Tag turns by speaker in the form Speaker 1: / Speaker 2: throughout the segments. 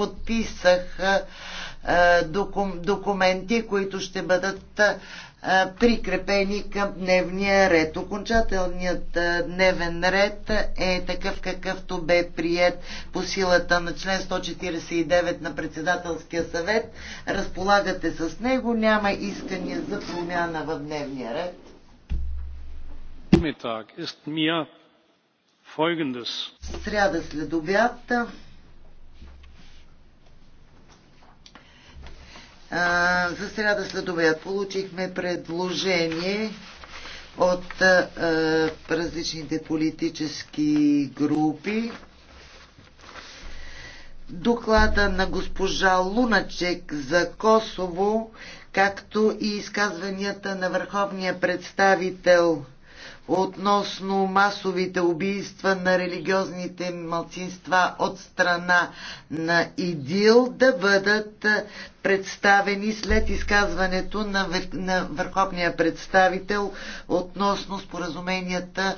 Speaker 1: подписах документи, които ще бъдат прикрепени към дневния ред. Окончателният дневен ред е такъв какъвто бе прият по силата на член 149 на председателския съвет. Разполагате с него, няма искания за промяна в дневния ред. Сряда след за сряда след обяд получихме предложение от различните политически групи. Доклада на госпожа Луначек за Косово, както и изказванията на върховния представител относно масовите убийства на религиозните малцинства от страна на ИДИЛ да бъдат представени след изказването на, на върховния представител относно споразуменията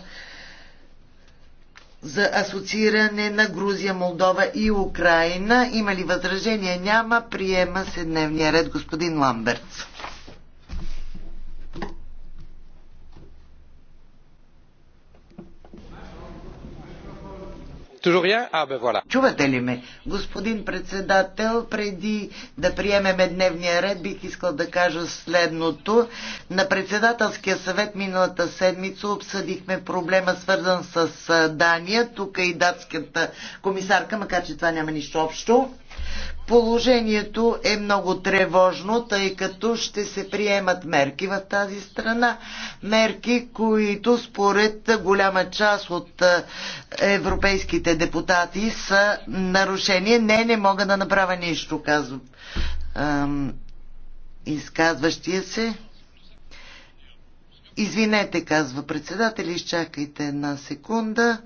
Speaker 1: за асоцииране на Грузия, Молдова и Украина. Има ли възражения? Няма. Приема се дневния ред господин Ламберт. Toujours rien? Ah ben voilà. Чувате ли ме? Господин председател, преди да приемеме дневния ред, бих искал да кажа следното. На председателския съвет миналата седмица обсъдихме проблема свързан с Дания. Тук е и датската комисарка, макар че това няма нищо общо. Положението е много тревожно, тъй като ще се приемат мерки в тази страна. Мерки, които според голяма част от европейските депутати са нарушение. Не, не мога да направя нищо, казва изказващия се. Извинете, казва председател, изчакайте една секунда.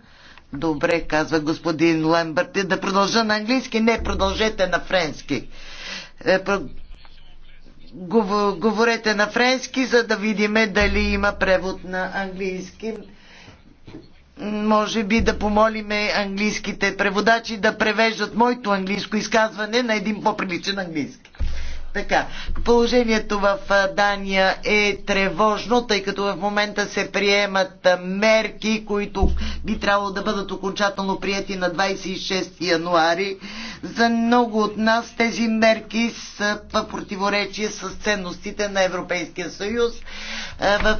Speaker 1: Добре, казва господин Лембърт. Да продължа на английски? Не, продължете на френски. Е, говорете на френски, за да видиме дали има превод на английски. Може би да помолиме английските преводачи да превеждат моето английско изказване на един по-приличен английски. Така, положението в Дания е тревожно, тъй като в момента се приемат мерки, които би трябвало да бъдат окончателно прияти на 26 януари. За много от нас тези мерки са в противоречие с ценностите на Европейския съюз. В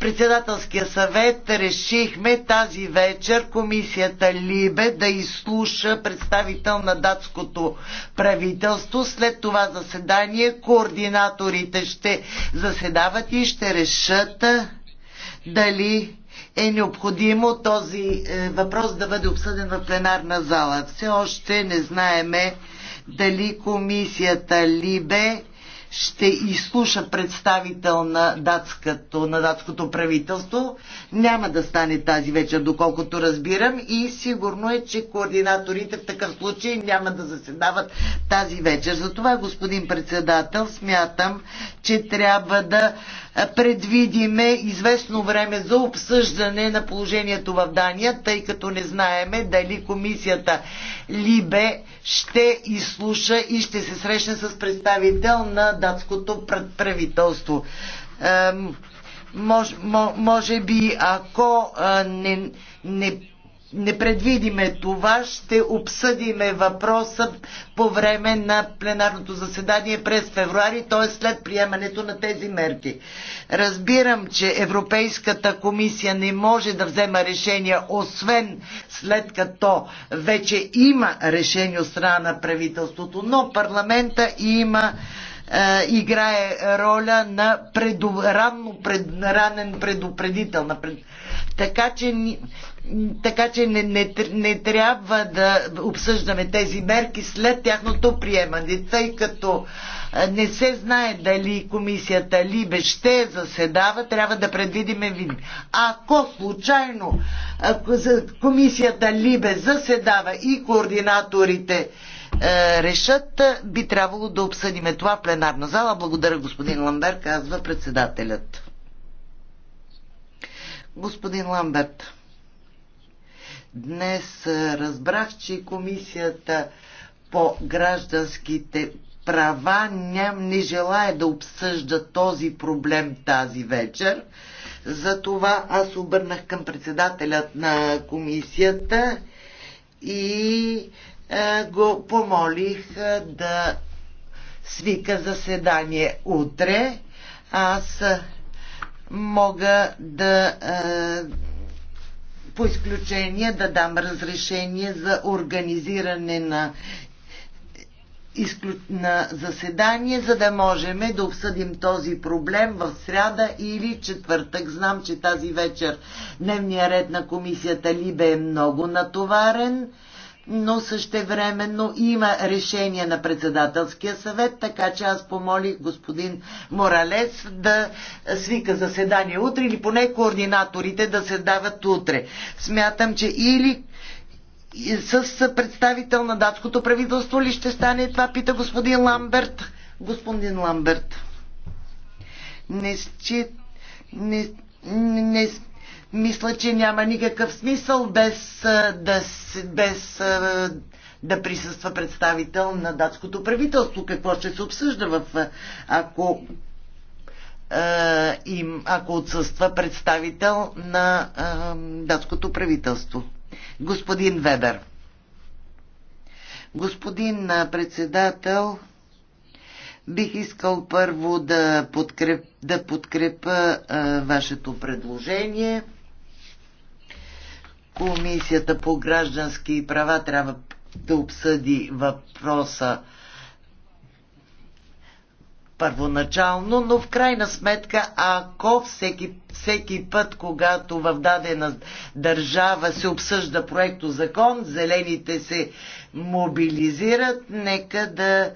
Speaker 1: председателския съвет решихме тази вечер комисията Либе да изслуша представител на датското правителство. След това заседание координаторите ще заседават и ще решат дали е необходимо този е, въпрос да бъде обсъден в пленарна зала. Все още не знаеме дали комисията Либе ще изслуша представител на датското, на датското правителство. Няма да стане тази вечер, доколкото разбирам и сигурно е, че координаторите в такъв случай няма да заседават тази вечер. Затова, господин председател, смятам, че трябва да предвидиме известно време за обсъждане на положението в Дания, тъй като не знаеме дали комисията Либе ще изслуша и ще се срещне с представител на датското правителство. Мож, може би, ако не, не не предвидиме това, ще обсъдиме въпроса по време на пленарното заседание през февруари, т.е. след приемането на тези мерки. Разбирам, че Европейската комисия не може да взема решения, освен след като вече има решение от страна на правителството, но парламента има е, играе роля на преду, ранно, пред, ранен предупредител. Напред. Така че, така, че не, не, не трябва да обсъждаме тези мерки след тяхното приемане, тъй като е, не се знае дали комисията Либе ще заседава, трябва да предвидиме вин. Ако случайно ако комисията Либе заседава и координаторите е, решат, е, би трябвало да обсъдиме това в пленарна зала. Благодаря, господин Ламберт, казва председателят. Господин Ламберт, днес е, разбрах, че комисията по гражданските права ням не желая да обсъжда този проблем тази вечер. Затова аз обърнах към председателят на комисията и е, го помолих е, да свика заседание утре. Аз мога да е, по изключение да дам разрешение за организиране на на заседание, за да можем да обсъдим този проблем в сряда или четвъртък. Знам, че тази вечер дневният ред на комисията Либе е много натоварен но същевременно има решение на председателския съвет, така че аз помолих господин Моралес да свика заседание утре или поне координаторите да се дават утре. Смятам, че или с представител на датското правителство ли ще стане това, пита господин Ламберт. Господин Ламберт, не, не, не, мисля, че няма никакъв смисъл без, да, без да присъства представител на датското правителство. Какво ще се обсъжда в ако им, ако отсъства представител на датското правителство. Господин Вебер. Господин председател, бих искал първо да, подкреп, да подкрепа а, вашето предложение. Комисията по граждански права трябва да обсъди въпроса първоначално, но в крайна сметка, ако всеки, всеки път, когато в дадена държава се обсъжда проекто закон, зелените се мобилизират, нека да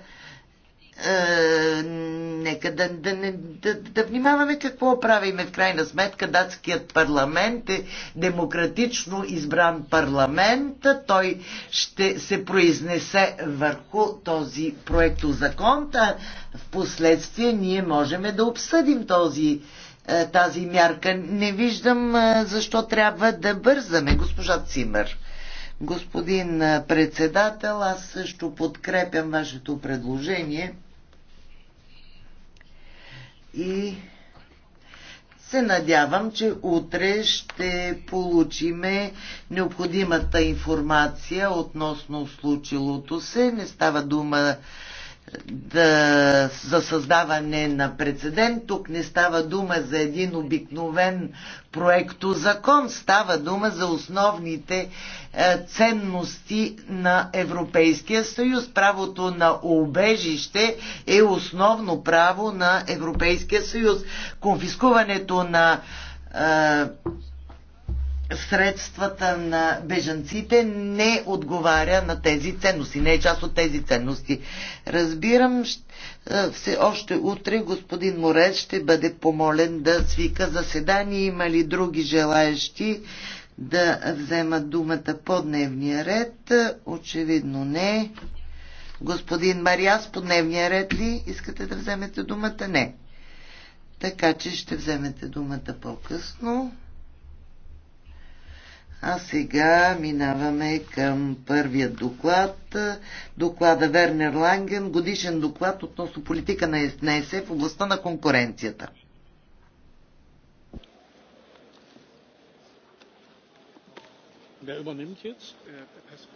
Speaker 1: е, нека да, да, да, да внимаваме какво правиме. В крайна сметка датският парламент е демократично избран парламент. Той ще се произнесе върху този проектозакон. закон. А в последствие ние можем да обсъдим този е, тази мярка. Не виждам е, защо трябва да бързаме, госпожа Цимър. Господин е, председател, аз също подкрепям вашето предложение и се надявам, че утре ще получиме необходимата информация относно случилото се. Не става дума да, за създаване на прецедент. Тук не става дума за един обикновен проекто закон, става дума за основните е, ценности на Европейския съюз. Правото на убежище е основно право на Европейския съюз. Конфискуването на е, средствата на бежанците не отговаря на тези ценности, не е част от тези ценности. Разбирам, е, все още утре господин Морец ще бъде помолен да свика заседание. Има ли други желаящи да вземат думата по дневния ред? Очевидно не. Господин Мариас, по дневния ред ли искате да вземете думата? Не. Така че ще вземете думата по-късно. А сега минаваме към първия доклад. Доклада Вернер Ланген, годишен доклад относно политика на ЕСНЕСЕ е е в областта на конкуренцията. Wer übernimmt jetzt?